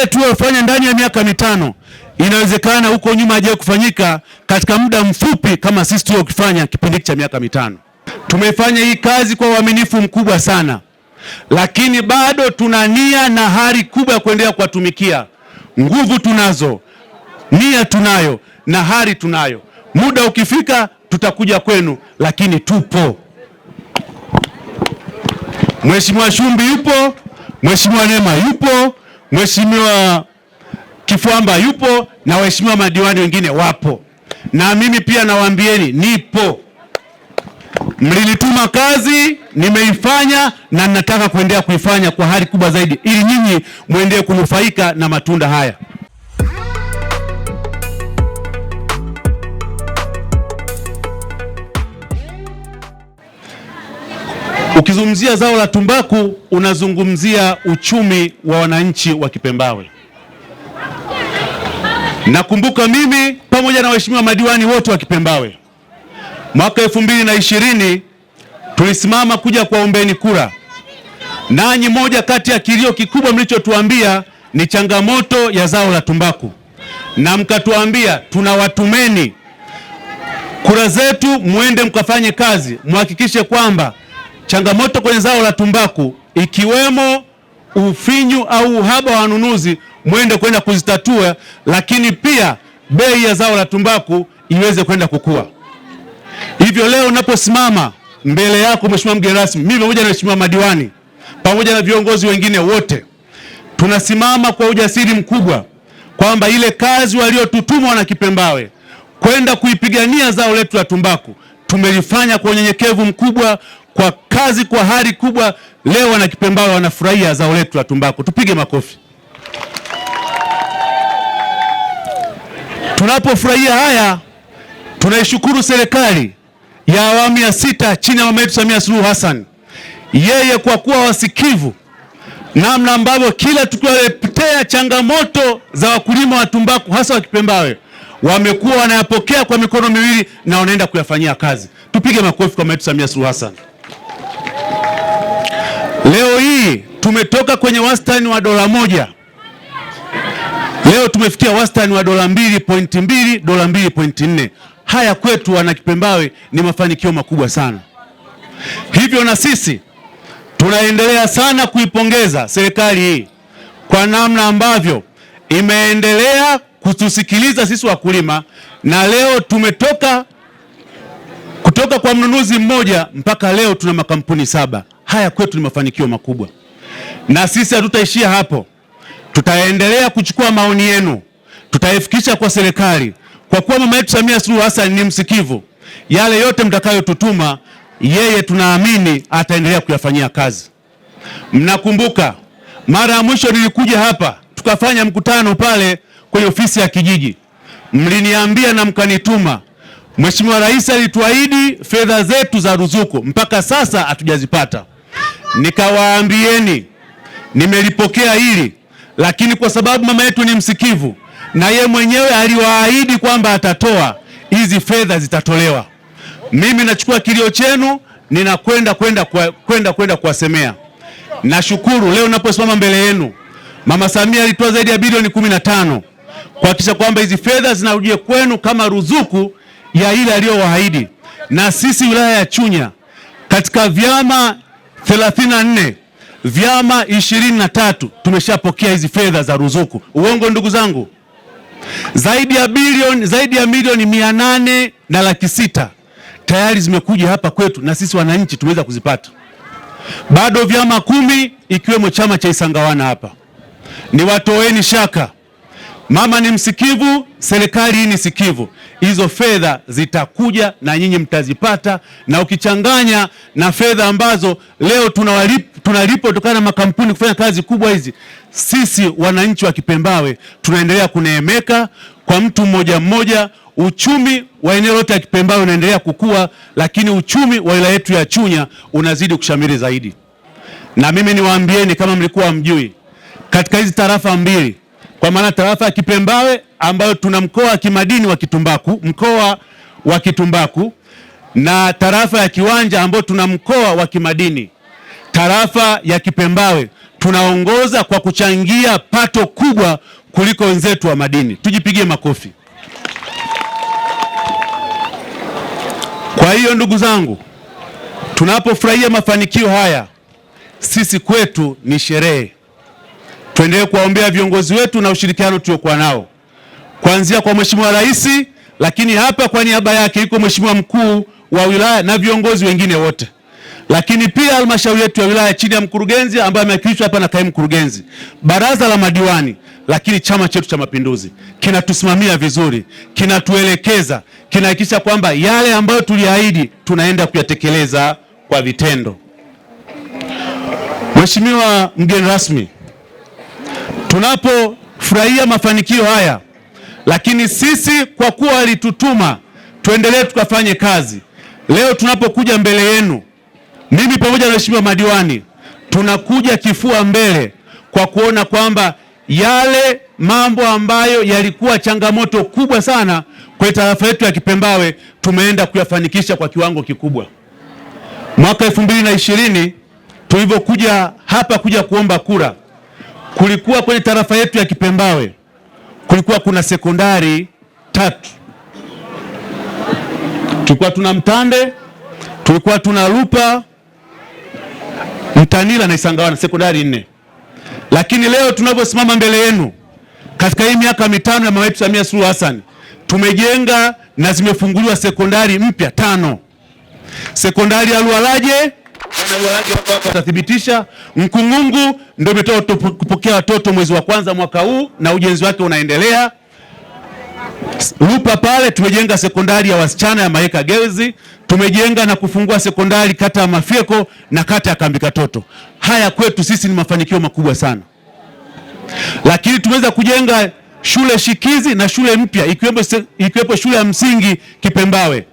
yale tuliyofanya ndani ya miaka mitano inawezekana huko nyuma ajaye kufanyika katika muda mfupi kama sisi tuliokifanya kipindi cha miaka mitano. Tumeifanya hii kazi kwa uaminifu mkubwa sana, lakini bado tuna nia na hari kubwa ya kuendelea kuwatumikia. Nguvu tunazo, nia tunayo na hari tunayo. Muda ukifika tutakuja kwenu, lakini tupo. Mheshimiwa Shumbi yupo, Mheshimiwa Neema yupo Mheshimiwa Kifwamba yupo na waheshimiwa madiwani wengine wapo, na mimi pia nawaambieni nipo. Mlinituma kazi, nimeifanya na nataka kuendelea kuifanya kwa hali kubwa zaidi, ili nyinyi muendelee kunufaika na matunda haya. Unapozungumzia zao la tumbaku unazungumzia uchumi wa wananchi wa Kipembawe. Nakumbuka mimi pamoja na waheshimiwa madiwani wote wa Kipembawe mwaka elfu mbili na ishirini tulisimama kuja kuwaombeni kura, nanyi moja kati ya kilio kikubwa mlichotuambia ni changamoto ya zao la tumbaku, na mkatuambia tunawatumeni kura zetu, mwende mkafanye kazi, mhakikishe kwamba Changamoto kwenye zao la tumbaku ikiwemo ufinyu au uhaba wa wanunuzi, mwende kwenda kuzitatua, lakini pia bei ya zao la tumbaku iweze kwenda kukua. Hivyo leo unaposimama mbele yako mheshimiwa mgeni rasmi, mimi pamoja na mheshimiwa madiwani pamoja na viongozi wengine wote tunasimama kwa ujasiri mkubwa kwamba ile kazi waliotutumwa wana Kipembawe kwenda kuipigania zao letu la tumbaku tumelifanya kwa unyenyekevu mkubwa, kwa kazi, kwa hali kubwa. Leo wana wanakipembawe wanafurahia zao letu la tumbaku, tupige makofi. Tunapofurahia haya, tunaishukuru serikali ya awamu ya sita chini ya mama yetu Samia Suluhu Hassan, yeye kwa kuwa wasikivu namna ambavyo kila tukiwaletea changamoto za wakulima wa tumbaku hasa wa Kipembawe wamekuwa wanayapokea kwa mikono miwili na wanaenda kuyafanyia kazi. Tupige makofi kwa mama yetu Samia Suluhu Hassan. Leo hii tumetoka kwenye wastani wa dola moja, leo tumefikia wastani wa dola mbili pointi mbili dola mbili pointi nne. Haya kwetu wana Kipembawe ni mafanikio makubwa sana, hivyo na sisi tunaendelea sana kuipongeza serikali hii kwa namna ambavyo imeendelea kutusikiliza sisi wakulima, na leo tumetoka kutoka kwa mnunuzi mmoja mpaka leo tuna makampuni saba haya kwetu ni mafanikio makubwa, na sisi hatutaishia hapo. Tutaendelea kuchukua maoni yenu, tutaifikisha kwa serikali, kwa kuwa mama yetu Samia Suluhu Hassan ni msikivu. Yale yote mtakayotutuma yeye, tunaamini ataendelea kuyafanyia kazi. Mnakumbuka mara ya mwisho nilikuja hapa tukafanya mkutano pale kwenye ofisi ya kijiji, mliniambia na mkanituma Mheshimiwa Rais alituahidi fedha zetu za ruzuku, mpaka sasa hatujazipata nikawaambieni nimelipokea hili, lakini kwa sababu mama yetu ni msikivu na ye mwenyewe aliwaahidi kwamba atatoa hizi fedha, zitatolewa. Mimi nachukua kilio chenu, ninakwenda kwenda kwenda kwenda kuwasemea. Nashukuru leo naposimama mbele yenu, mama Samia alitoa zaidi ya bilioni kumi na tano kuhakikisha kwamba hizi fedha zinarudie kwenu kama ruzuku ya ile aliyowaahidi. Na sisi wilaya ya Chunya katika vyama 34 vyama 23 tumeshapokea hizi fedha za ruzuku. Uongo ndugu zangu? Zaidi ya bilioni, zaidi ya milioni mia nane na laki sita tayari zimekuja hapa kwetu na sisi wananchi tumeweza kuzipata. Bado vyama kumi ikiwemo chama cha Isangawana hapa, niwatoeni shaka Mama ni msikivu, serikali hii ni sikivu. Hizo fedha zitakuja na nyinyi mtazipata, na ukichanganya na fedha ambazo leo tunalipwa kutokana na makampuni kufanya kazi kubwa hizi, sisi wananchi wa Kipembawe tunaendelea kuneemeka kwa mtu mmoja mmoja. Uchumi wa eneo lote la Kipembawe unaendelea kukua, lakini uchumi wa wilaya yetu ya Chunya unazidi kushamiri zaidi. Na mimi niwaambieni, kama mlikuwa mjui, katika hizi tarafa mbili kwa maana tarafa ya Kipembawe ambayo tuna mkoa wa kimadini wa Kitumbaku, mkoa wa Kitumbaku na tarafa ya Kiwanja ambayo tuna mkoa wa kimadini. Tarafa ya Kipembawe tunaongoza kwa kuchangia pato kubwa kuliko wenzetu wa madini, tujipigie makofi. Kwa hiyo ndugu zangu, tunapofurahia mafanikio haya sisi kwetu ni sherehe tuendelee kuwaombea viongozi wetu na ushirikiano tuliokuwa nao kuanzia kwa Mheshimiwa Rais, lakini hapa kwa niaba yake yuko Mheshimiwa mkuu wa wilaya na viongozi wengine wote, lakini pia halmashauri yetu ya wilaya chini ya mkurugenzi ambaye amewakilishwa hapa na kaimu mkurugenzi, baraza la madiwani, lakini chama chetu cha Mapinduzi kinatusimamia vizuri, kinatuelekeza, kinahakikisha kwamba yale ambayo tuliahidi tunaenda kuyatekeleza kwa vitendo. Mheshimiwa mgeni rasmi tunapofurahia mafanikio haya, lakini sisi kwa kuwa alitutuma tuendelee tukafanye kazi. Leo tunapokuja mbele yenu, mimi pamoja na waheshimiwa madiwani, tunakuja kifua mbele kwa kuona kwamba yale mambo ambayo yalikuwa changamoto kubwa sana kwenye tarafa yetu ya Kipembawe tumeenda kuyafanikisha kwa kiwango kikubwa. Mwaka elfu mbili na ishirini tulivyokuja hapa kuja kuomba kura, kulikuwa kwenye tarafa yetu ya Kipembawe kulikuwa kuna sekondari tatu, tulikuwa tuna Mtande, tulikuwa tuna Lupa, Mtanila na Isangawana, sekondari nne. Lakini leo tunavyosimama mbele yenu, katika hii miaka mitano ya mama yetu Samia Suluhu Hassan tumejenga na zimefunguliwa sekondari mpya tano, sekondari ya Lualaje Tathibitisha Mkungungu ndio imetoka kupokea watoto mwezi wa kwanza mwaka huu na ujenzi wake unaendelea. Lupa pale tumejenga sekondari ya wasichana ya Maeka Girls, tumejenga na kufungua sekondari kata ya Mafyeko na kata ya Kambikatoto. Haya kwetu sisi ni mafanikio makubwa sana, lakini tumeweza kujenga shule shikizi na shule mpya ikiwepo shule ya msingi Kipembawe.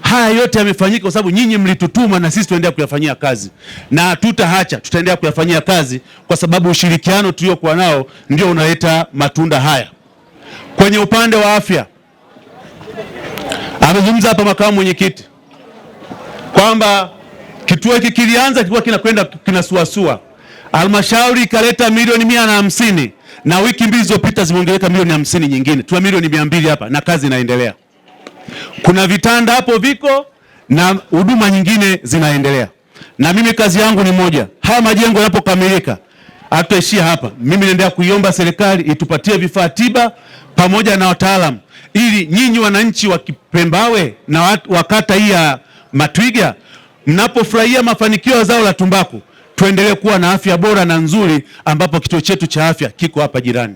Haya yote yamefanyika kwa sababu nyinyi mlitutuma, na sisi tuendelea kuyafanyia kazi na tutaacha, tutaendelea kuyafanyia kazi kwa sababu ushirikiano tuliokuwa nao ndio unaleta matunda haya. Kwenye upande wa afya, amezungumza hapa makamu mwenyekiti kwamba kituo hiki kilianza kilikuwa kinakwenda kinasuasua, halmashauri ikaleta milioni mia na hamsini na wiki mbili zilizopita zimeongezeka milioni hamsini nyingine, tuna milioni mia mbili hapa na kazi inaendelea. Kuna vitanda hapo viko na huduma nyingine zinaendelea, na mimi kazi yangu ni moja, haya majengo yanapokamilika hataishia hapa. Mimi naendelea kuiomba serikali itupatie vifaa tiba pamoja na wataalamu, ili nyinyi wananchi wa Kipembawe na wakata hii ya Matwiga mnapofurahia mafanikio ya zao la tumbaku tuendelee kuwa na afya bora na nzuri, ambapo kituo chetu cha afya kiko hapa jirani.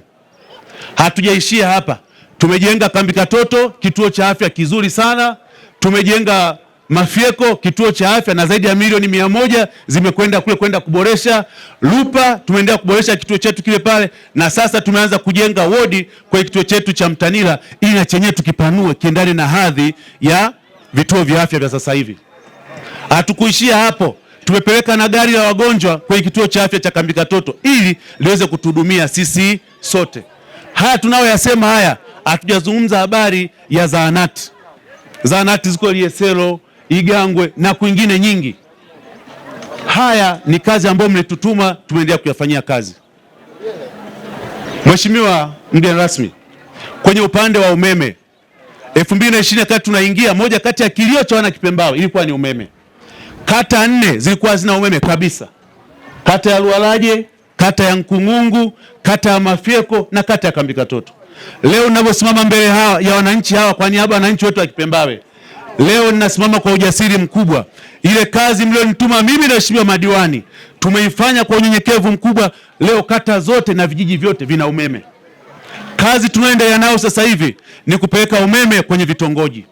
Hatujaishia hapa. Tumejenga kambi Katoto, kituo cha afya kizuri sana. Tumejenga Mafyeko, kituo cha afya na zaidi ya milioni mia moja zimekwenda kule kwenda kuboresha. Lupa tumeendelea kuboresha kituo chetu kile pale, na sasa tumeanza kujenga wodi kwa kituo chetu cha Mtanila ili na chenyewe tukipanue kiendane na hadhi ya vituo vya afya vya sasa hivi. Hatukuishia hapo, tumepeleka na gari la wagonjwa kwenye kituo cha afya cha Kambi Katoto ili liweze kutuhudumia sisi sote. Haya tunayoyasema haya hatujazungumza habari ya zahanati. Zahanati ziko Liesero, Igangwe na kwingine nyingi. Haya ni kazi ambayo mlitutuma, tumeendelea kuyafanyia kazi. Mheshimiwa mgeni rasmi, kwenye upande wa umeme 2020 kati tunaingia, moja kati ya kilio cha wana Kipembao ilikuwa ni umeme. Kata nne zilikuwa hazina umeme kabisa, kata ya Lualaje, kata ya Nkungungu, kata ya Mafyeko na kata ya Kambikatoto. Leo ninavyosimama mbele hawa, ya wananchi hawa kwa niaba ya wananchi wetu wa Kipembawe, leo ninasimama kwa ujasiri mkubwa. Ile kazi mlionituma mimi na waheshimiwa madiwani tumeifanya kwa unyenyekevu mkubwa. Leo kata zote na vijiji vyote vina umeme. Kazi tunayoendelea nayo sasa hivi ni kupeleka umeme kwenye vitongoji,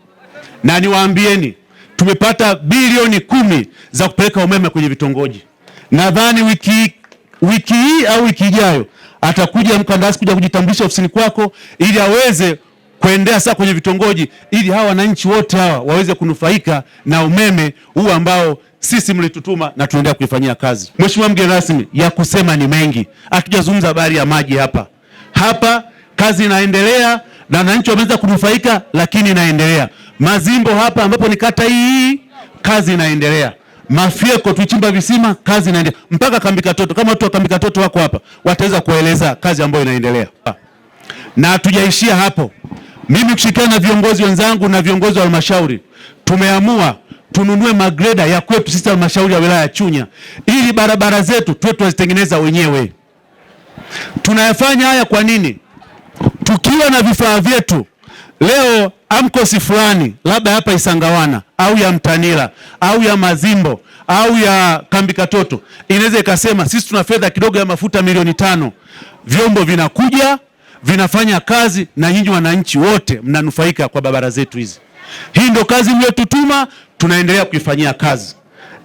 na niwaambieni tumepata bilioni kumi za kupeleka umeme kwenye vitongoji. Nadhani wiki wiki hii au wiki ijayo atakuja mkandarasi kuja kujitambulisha ofisini kwako ili aweze kuendea sasa kwenye vitongoji ili hawa wananchi wote hawa waweze kunufaika na umeme huu ambao sisi mlitutuma na tunaendelea kuifanyia kazi. Mheshimiwa mgeni rasmi, ya kusema ni mengi, hatujazungumza habari ya maji hapa hapa. Kazi inaendelea na wananchi wameanza kunufaika, lakini inaendelea Mazimbo hapa ambapo ni kata hii, kazi inaendelea. Mafyeko tuchimba visima, kazi inaendelea mpaka kambi katoto. Kama watu wa kambi katoto wako hapa, wataweza kueleza kazi ambayo inaendelea, na hatujaishia hapo. Mimi kushirikiana na viongozi wenzangu na viongozi wa halmashauri tumeamua tununue magreda ya kwetu sisi halmashauri ya wilaya ya Chunya, ili barabara zetu tuwe tunazitengeneza wenyewe. Tunayafanya haya kwa nini? Tukiwa na vifaa vyetu Leo amkosi fulani labda hapa Isangawana au ya Mtanila au ya Mazimbo au ya Kambi Katoto inaweza ikasema sisi tuna fedha kidogo ya mafuta milioni tano. Vyombo vinakuja vinafanya kazi na nyinyi wananchi wote mnanufaika kwa barabara zetu hizi. Hii ndio kazi mliyotutuma, tunaendelea kuifanyia kazi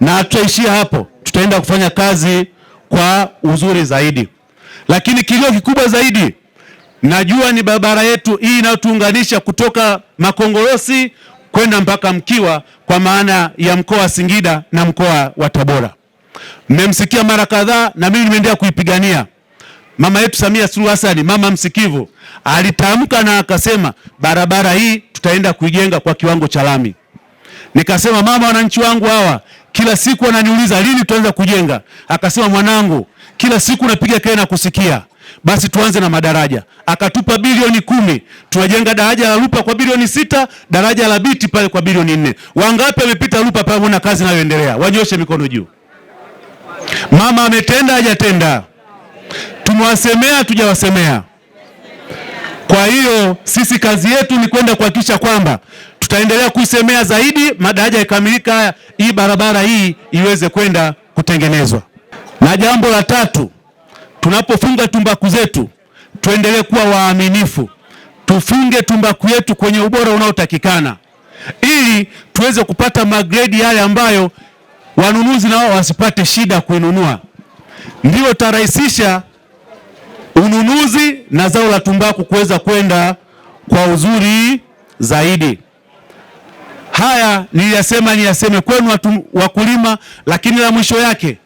na hatutaishia hapo, tutaenda kufanya kazi kwa uzuri zaidi, lakini kilio kikubwa zaidi Najua ni barabara yetu hii inayotuunganisha kutoka Makongorosi kwenda mpaka Mkiwa kwa maana ya mkoa wa Singida na mkoa wa Tabora. Mmemsikia mara kadhaa na mimi nimeendelea kuipigania. Mama yetu Samia Suluhu Hassan, mama msikivu, alitamka na akasema barabara hii tutaenda kuijenga kwa kiwango cha lami. Nikasema mama, wananchi wangu hawa kila siku wananiuliza lini tutaanza kujenga. Akasema mwanangu, kila siku napiga kelele na kusikia basi tuanze na madaraja. Akatupa bilioni kumi, tunajenga daraja la Lupa kwa bilioni sita, daraja la Biti pale kwa bilioni nne. Wangapi wamepita Lupa pale na kazi inayoendelea? Wanyoshe mikono juu. Mama ametenda hajatenda? Tumewasemea tujawasemea? Kwa hiyo sisi kazi yetu ni kwenda kuhakikisha kwamba tutaendelea kuisemea zaidi, madaraja yakamilika, hii barabara hii iweze kwenda kutengenezwa. Na jambo la tatu Tunapofunga tumbaku zetu tuendelee kuwa waaminifu, tufunge tumbaku yetu kwenye ubora unaotakikana ili tuweze kupata magredi yale ambayo wanunuzi nao wasipate shida kuinunua. Ndio tarahisisha ununuzi na zao la tumbaku kuweza kwenda kwa uzuri zaidi. Haya niliyasema niyaseme kwenu wakulima, lakini la mwisho yake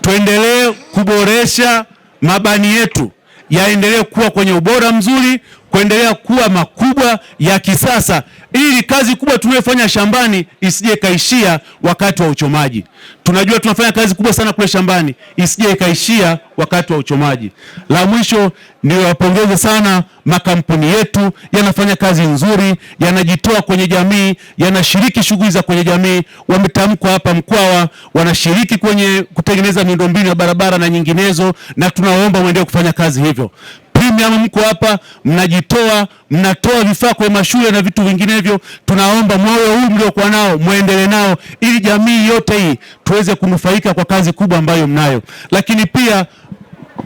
tuendelee kuboresha mabani yetu yaendelee kuwa kwenye ubora mzuri, kuendelea kuwa makubwa ya kisasa ili kazi kubwa tunayofanya shambani isije ikaishia wakati wa uchomaji. Tunajua tunafanya kazi kubwa sana kule shambani, isije ikaishia wakati wa uchomaji. La mwisho niwapongeze sana makampuni yetu, yanafanya kazi nzuri, yanajitoa kwenye jamii, yanashiriki shughuli za kwenye jamii. Wametamkwa hapa Mkwawa, wanashiriki kwenye kutengeneza miundombinu ya barabara na nyinginezo, na tunaomba waendelee kufanya kazi hivyo mimi ama mko hapa mnajitoa, mnatoa vifaa kwa mashule na vitu vinginevyo, tunaomba moyo huu mliokuwa nao muendelee nao, ili jamii yote hii tuweze kunufaika kwa kazi kubwa ambayo mnayo. Lakini pia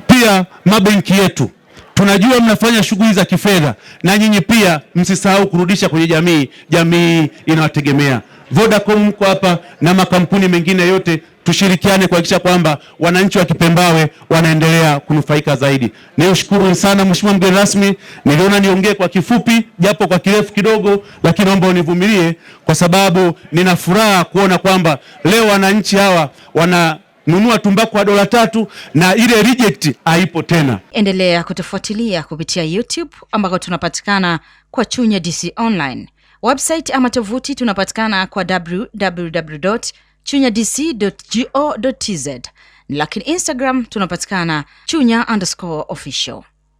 pia mabenki yetu tunajua mnafanya shughuli za kifedha, na nyinyi pia msisahau kurudisha kwenye jamii, jamii inawategemea. Vodacom mko hapa na makampuni mengine yote, tushirikiane kuhakikisha kwamba wananchi wa Kipembawe wanaendelea kunufaika zaidi. Niushukuru sana mheshimiwa mgeni rasmi, niliona niongee kwa kifupi japo kwa kirefu kidogo, lakini naomba univumilie kwa sababu nina furaha kuona kwamba leo wananchi hawa wana nunua tumbaku wa dola tatu na ile reject haipo tena. Endelea kutufuatilia kupitia YouTube ambako tunapatikana kwa Chunya DC Online. Website ama tovuti tunapatikana kwa www chunya dc go tz, lakini Instagram tunapatikana chunya underscore official.